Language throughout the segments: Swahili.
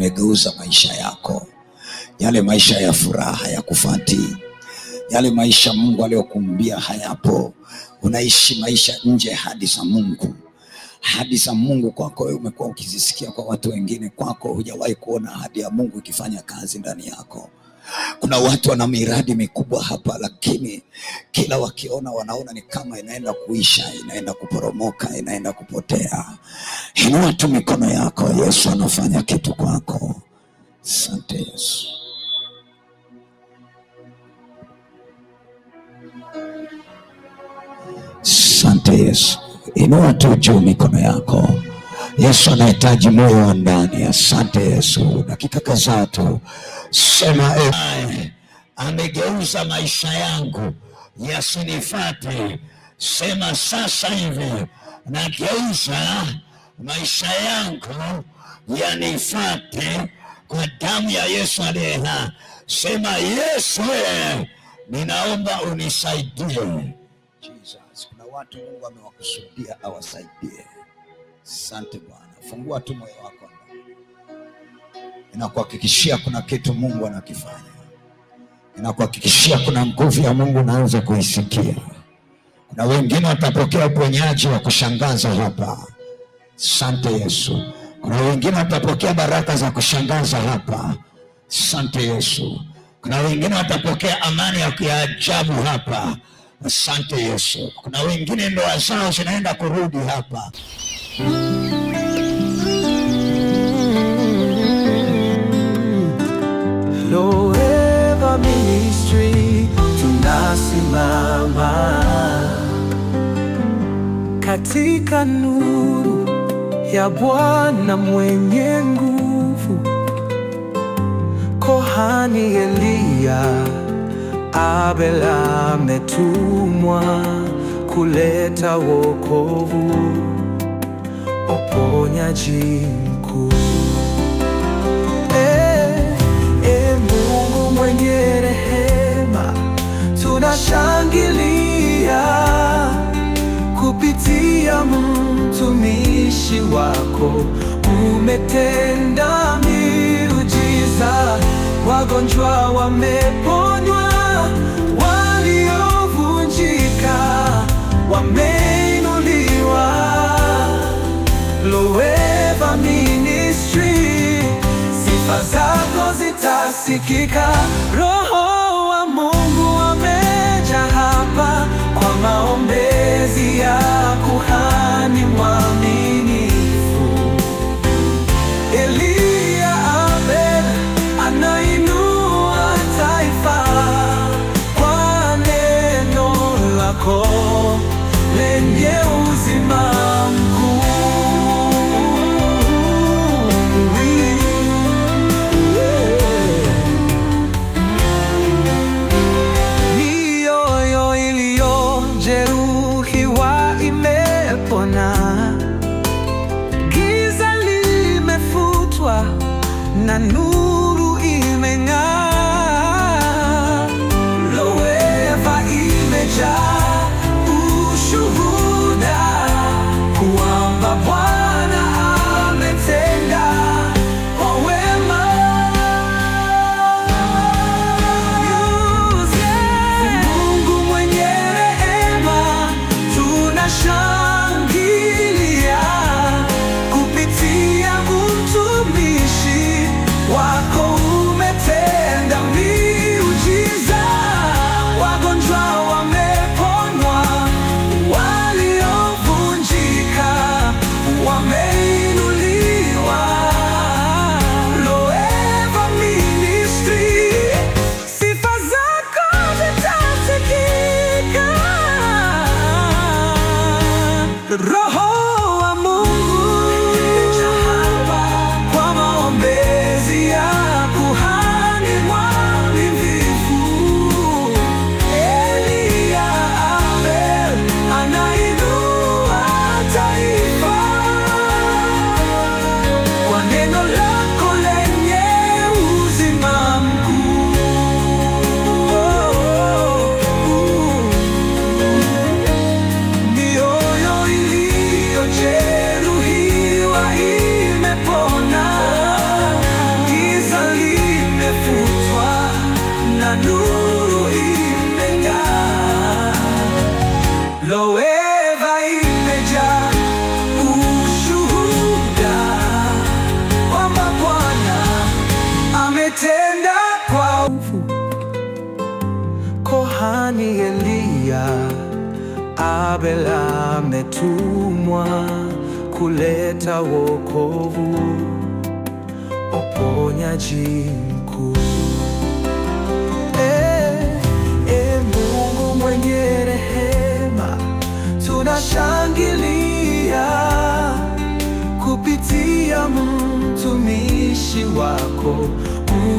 amegeuza maisha yako, yale maisha ya furaha ya kufati yale maisha Mungu aliyokumbia hayapo. Unaishi maisha nje hadi za Mungu hadi za Mungu kwako wewe umekuwa ukizisikia kwa watu wengine, kwako hujawahi kuona hadi ya Mungu ikifanya kazi ndani yako. Kuna watu wana miradi mikubwa hapa, lakini kila wakiona wanaona ni kama inaenda kuisha, inaenda kuporomoka, inaenda kupotea. Inua tu mikono yako, Yesu anafanya kitu kwako. sante Yesu. sante Yesu. Inua tu juu mikono yako. Yesu anahitaji moyo wa ndani. Asante Yesu. Dakika kadhaa tu. Sema e, amegeuza maisha yangu yasinifate. Sema sasa hivi nageuza maisha yangu yanifate kwa damu ya Yesu aliyeha. Sema Yesu, ninaomba unisaidie. Jesus, kuna watu Mungu amewakusudia awasaidie. Asante Bwana, fungua tu moyo wako. Ninakuhakikishia kuna kitu Mungu anakifanya. Ninakuhakikishia kuna nguvu ya Mungu unaanza kuisikia. Kuna wengine watapokea uponyaji wa kushangaza hapa. Sante Yesu. Kuna wengine watapokea baraka za kushangaza hapa. Sante Yesu. Kuna wengine watapokea amani ya kiajabu hapa. Asante Yesu. Kuna wengine ndoa zao zinaenda kurudi hapa. simama katika nuru ya Bwana mwenye nguvu. Kohani Eliya Abel ametumwa kuleta wokovu, oponya jini tunashangilia kupitia mtumishi wako, umetenda miujiza, wagonjwa wameponywa, waliovunjika wameinuliwa. Loeva Ministry, sifa zako zitasikika. kazi ya kuhani. Nanunod nani Elia? Abel ametumwa kuleta wokovu, oponya mkuu. Hey, eh, eh, hey, Mungu mwenye rehema, tunashangilia kupitia mtumishi wako,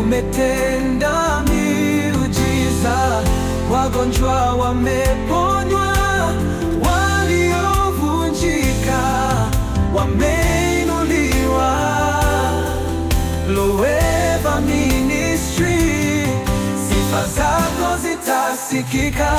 umetenda miujiza wagonjwa wameponywa, waliovunjika wameinuliwa. Loeva Ministry, sifa zako zitasikika.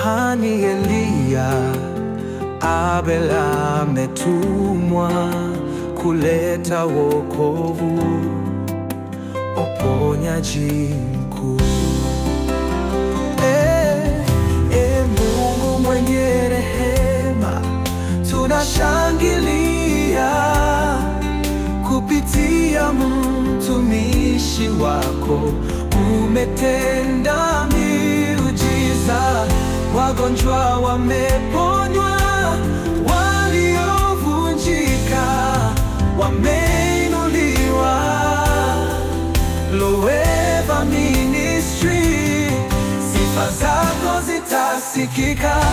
Kuhani Eliya, Abel ametumwa kuleta wokovu, uponyaji mkuu. E, e, Mungu mwenye rehema, tunashangilia kupitia mtumishi wako, umetenda miujiza wagonjwa wameponywa, waliovunjika wameinuliwa. Loeva Ministry, sifa zako zitasikika.